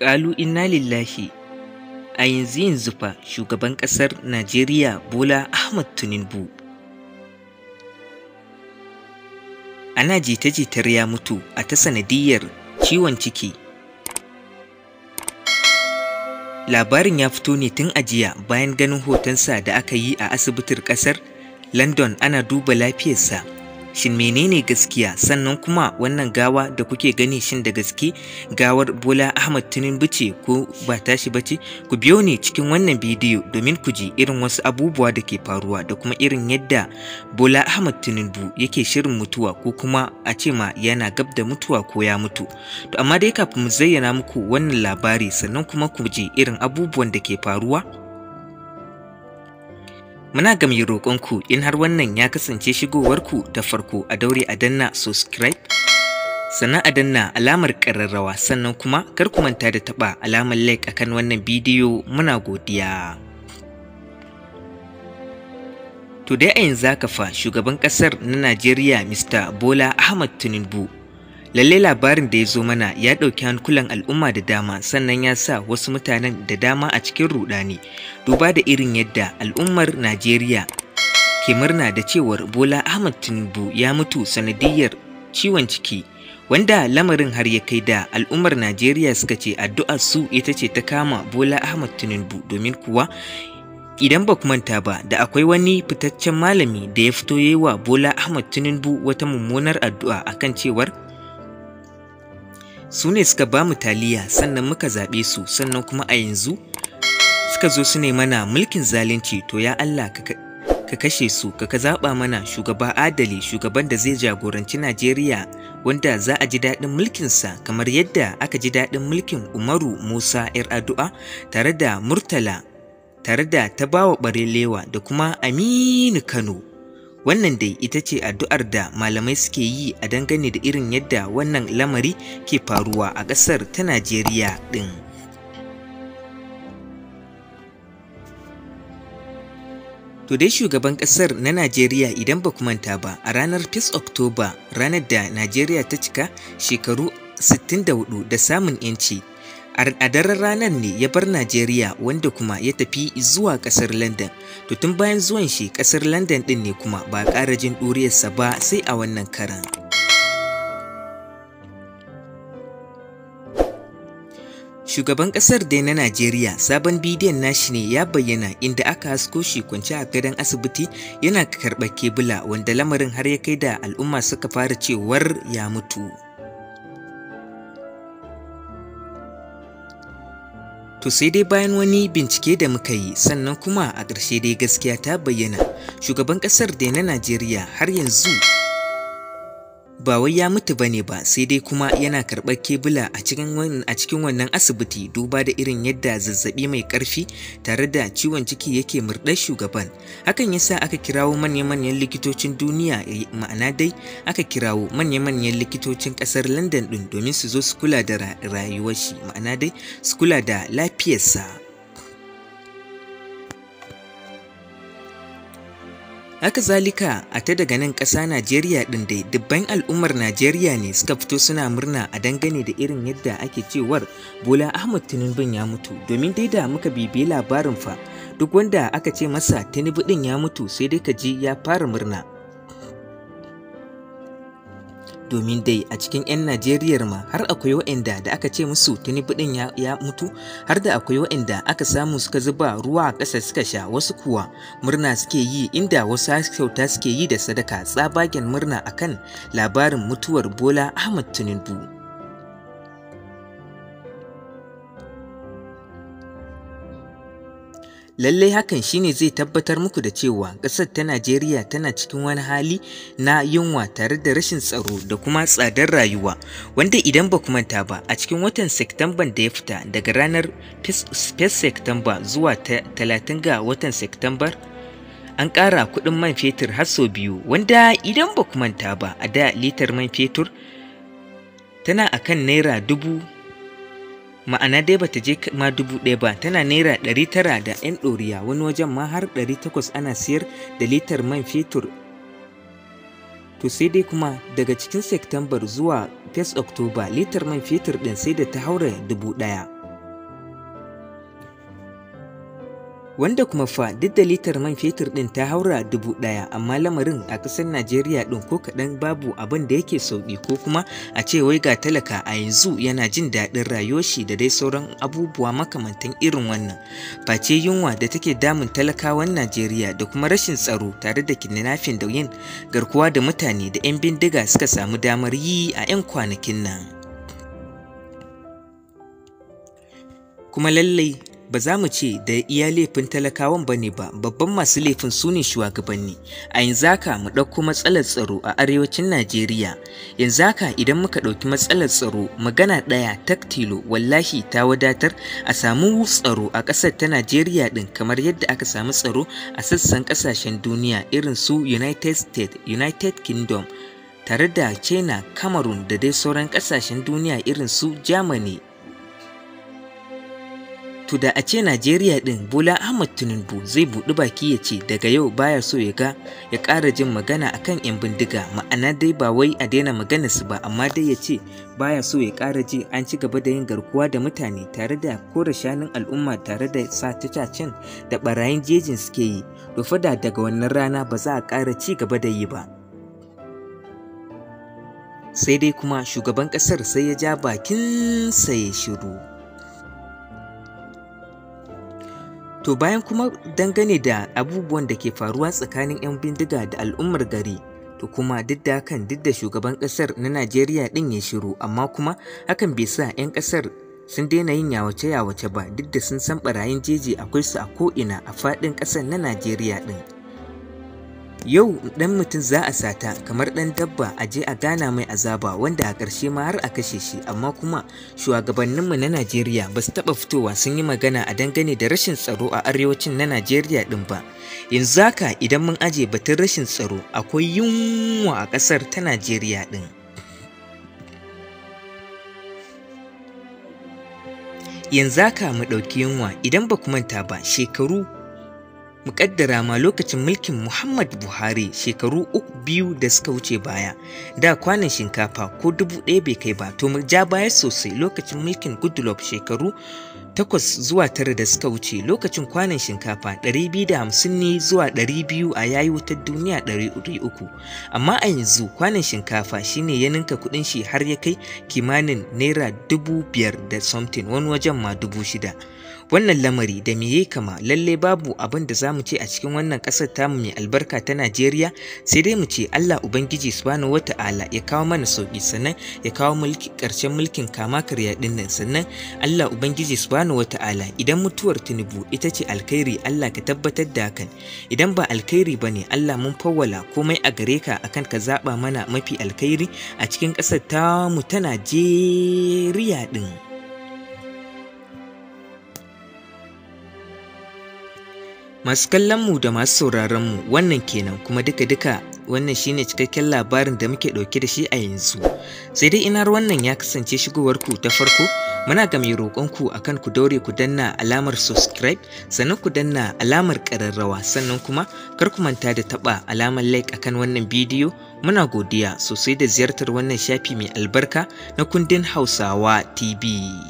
Ƙalu inna lillahi a yanzu yanzu fa shugaban ƙasar Najeriya Bola Ahmad Tinubu. Ana jita-jitar ya mutu a ta sanadiyar ciwon ciki. Labarin ya fito ne tun ajiya bayan ganin hotonsa da aka yi a asibitin ƙasar London ana duba lafiyarsa shin menene gaskiya sannan kuma wannan gawa da kuke gani shin da gaske gawar bola ahmad tinubu ce ko ba tashi bace ku biyo ne cikin wannan bidiyo domin ku ji irin wasu abubuwa da ke faruwa da kuma irin yadda bola ahmad tinubu yake shirin mutuwa ko kuma a ce ma yana gab da mutuwa ko ya mutu to amma dai kafin mu zayyana muku wannan labari sannan kuma ku ji irin abubuwan da ke faruwa Muna gami roƙon roƙonku in har wannan ya kasance shigowarku ta farko a daure a danna subscribe sannan a danna alamar ƙararrawa sannan kuma kar ku manta da taɓa alamar like a kan wannan bidiyo muna godiya. To dai a yanzu ka fa shugaban ƙasar na Najeriya Mr. Bola Ahmad Tinubu Lalle labarin da ya zo mana ya ɗauki hankulan al'umma da dama sannan ya sa wasu mutanen da dama a cikin rudani duba da irin yadda al'ummar Najeriya ke murna da cewar Bola Ahmad Tinubu ya mutu sanadiyar ciwon ciki wanda lamarin har ya kai da al'ummar Najeriya suka ce addu'ar su ita ce ta kama Bola Ahmad Tinubu domin kuwa idan ba manta ba da akwai wani fitaccen malami da ya fito yayi wa Bola Ahmad Tinubu wata mummunar addu'a akan cewar su ne suka ba mu taliya sannan muka zaɓe su sannan kuma a yanzu suka zo su ne mana mulkin zalunci to ya Allah ka kashe su ka ka zaɓa mana shugaba adali shugaban da zai jagoranci Najeriya wanda za a ji daɗin mulkinsa kamar yadda aka ji daɗin mulkin Umaru Musa 'yar addu'a tare da Murtala tare da bawa Barelewa da kuma Aminu Kano. Wannan dai ita ce addu'ar da malamai suke yi a dangane da irin yadda wannan lamari ke faruwa a ƙasar ta Najeriya ɗin. To dai shugaban ƙasar na Najeriya idan ba ku manta ba a ranar 5 Oktoba ranar da Najeriya ta cika shekaru 64 da samun 'yanci a daren ranar ne ya bar Najeriya wanda kuma ya tafi zuwa kasar London. To tun bayan zuwan shi kasar London din ne kuma ba ƙara jin ɗuriyarsa ba sai a wannan karan. Shugaban kasar dai na Najeriya sabon bidiyon nashi ne ya bayyana inda aka hasko shi kwance a gadon asibiti yana karɓar kebula wanda lamarin har ya kai da al'umma suka fara cewar ya mutu. To sai dai bayan wani bincike da muka yi sannan kuma a ƙarshe dai gaskiya ta bayyana shugaban ƙasar da na Najeriya har yanzu ba wai ya mutu bane ba sai dai kuma yana karɓar kebula a cikin wannan asibiti duba da irin yadda zazzabi mai ƙarfi tare da ciwon ciki yake murɗar shugaban hakan yasa aka kirawo manya-manyan likitocin duniya eh, ma'ana dai aka kirawo manya-manyan likitocin ƙasar london ɗin domin su zo su kula da rayuwar shi ma'ana dai su kula da lafiyarsa Haka zalika a ta daga nan ƙasa Najeriya ɗin dai dubban al'ummar Najeriya ne suka fito suna murna a dangane da irin yadda ake cewar Bola Ahmad Tinubu ya mutu domin dai da muka bibiyi labarin fa duk wanda aka ce masa Tinubu ɗin ya mutu sai dai ka ji ya fara murna domin dai a cikin 'yan Najeriyar ma har akwai wa'inda da aka ce musu tuni ɗin ya, mutu har da akwai wa'inda aka samu suka zuba ruwa a ƙasa suka sha wasu kuwa murna suke yi inda wasu kyauta suke yi da sadaka tsabagen murna akan labarin mutuwar Bola Ahmad Tinubu. lallai hakan shine zai tabbatar muku da cewa ƙasar ta Najeriya tana cikin wani hali na yunwa tare da rashin tsaro da kuma tsadar rayuwa wanda idan ba ku manta ba a cikin watan Sektamban da ya fita daga ranar Space September zuwa 30 ga watan September, an ƙara kuɗin man fetur har sau biyu wanda idan ba ku manta ba a da litar man fetur tana akan naira dubu ma'ana dai ba ta je ma dubu ɗaya ba tana naira ɗari tara da 'yan ɗoriya wani wajen ma har ɗari takwas ana siyar da litar man fetur to sai dai kuma daga cikin Sektambar zuwa 1 Oktoba litar man fetur ɗin sai da ta haura dubu ɗaya. wanda kuma fa duk da litar man fetur din ta haura dubu ɗaya amma lamarin a ƙasar najeriya din ko kaɗan babu abin da yake sauƙi ko kuma a ce wai ga talaka a yanzu yana jin daɗin shi da dai sauran abubuwa makamantan irin wannan face yunwa da take damun talakawan najeriya da kuma rashin tsaro tare da kidnapping da yin garkuwa da mutane da 'yan bindiga suka samu damar yi a 'yan kwanakin nan kuma lallai ba za mu ce da iya laifin talakawan ba ne ba babban masu laifin su ne shugabanni a yanzu haka mu ɗauko matsalar tsaro a arewacin najeriya yanzu haka idan muka ɗauki matsalar tsaro magana ɗaya taktilo wallahi ta wadatar a samu tsaro a ƙasar ta najeriya ɗin kamar yadda aka samu tsaro a sassan ƙasashen duniya irin su united states united kingdom tare da china cameroon da dai sauran ƙasashen duniya irin su germany To da a ce Najeriya ɗin Bola Ahmad Tinubu zai buɗi baki ya ce daga yau baya so ya ga ya ƙara jin magana akan 'yan bindiga ma'ana dai ba wai a daina magana su ba amma dai ya ce baya so ya ƙara ji an ci gaba da yin garkuwa da mutane tare da kora shanun al'umma tare da satacacin da ɓarayin jejin suke yi to da daga wannan rana ba za a ƙara ci gaba da yi ba. Sai dai kuma shugaban ƙasar sai ya ja bakin ya shiru. To bayan kuma dangane da abubuwan da ke faruwa tsakanin 'yan bindiga da al'ummar gari, to kuma duk da hakan duk da shugaban ƙasar na Najeriya ɗin ya shiru, amma kuma hakan bai sa 'yan ƙasar sun daina yin yawace-yawace ba duk da sun san barayin jeji akwai su a ko'ina a faɗin ƙasar na Najeriya ɗin. Yau ɗan mutum za a sata kamar ɗan dabba a je a gana mai azaba wanda a ƙarshe ma har a kashe shi amma kuma shugabanninmu na Najeriya ba su taɓa fitowa sun yi magana a dangane da rashin tsaro a arewacin na Najeriya ɗin ba. Yanzu haka idan mun aje batun rashin tsaro akwai yunwa a ƙasar ta Najeriya ɗin. Yanzu haka mu ɗauki yunwa idan ba ku manta ba shekaru muƙaddara ma lokacin mulkin Muhammad Buhari shekaru uku biyu da suka wuce baya da kwanan shinkafa ko dubu ɗaya bai kai ba to ja baya sosai lokacin mulkin Goodluck shekaru takwas zuwa tara da suka wuce lokacin kwanan shinkafa ɗari biyu da hamsin ne zuwa ɗari biyu a yayi wutar duniya ɗari uku amma a yanzu kwanan shinkafa shine ya ninka kuɗin shi har ya kai kimanin naira dubu biyar da something wani wajen ma dubu shida. wannan lamari da me yayi kama lalle babu abin da za mu ce a cikin wannan ƙasar tamu mai albarka ta Najeriya sai dai mu ce Allah ubangiji subhanahu wata'ala ya kawo mana sauki sannan ya kawo mulki ƙarshen mulkin kama karya din nan sannan Allah ubangiji subhanahu wata'ala idan mutuwar Tinubu ita ce alkhairi Allah ka tabbatar da hakan idan ba alkhairi bane Allah mun fawwala komai a gare ka akan ka zaba mana mafi alkhairi a cikin ƙasar tamu ta Najeriya din masu kallon mu da masu sauraron mu wannan kenan kuma duka-duka wannan shine cikakken labarin da muke ɗauke da shi a yanzu sai dai inar wannan ya kasance shigowar ku ta farko muna ga mai roƙon ku akan ku daure ku danna alamar subscribe sannan ku danna alamar ƙararrawa sannan kuma kar ku manta da taɓa alamar like akan wannan bidiyo muna godiya sosai da ziyartar wannan shafi mai albarka na kundin hausawa tv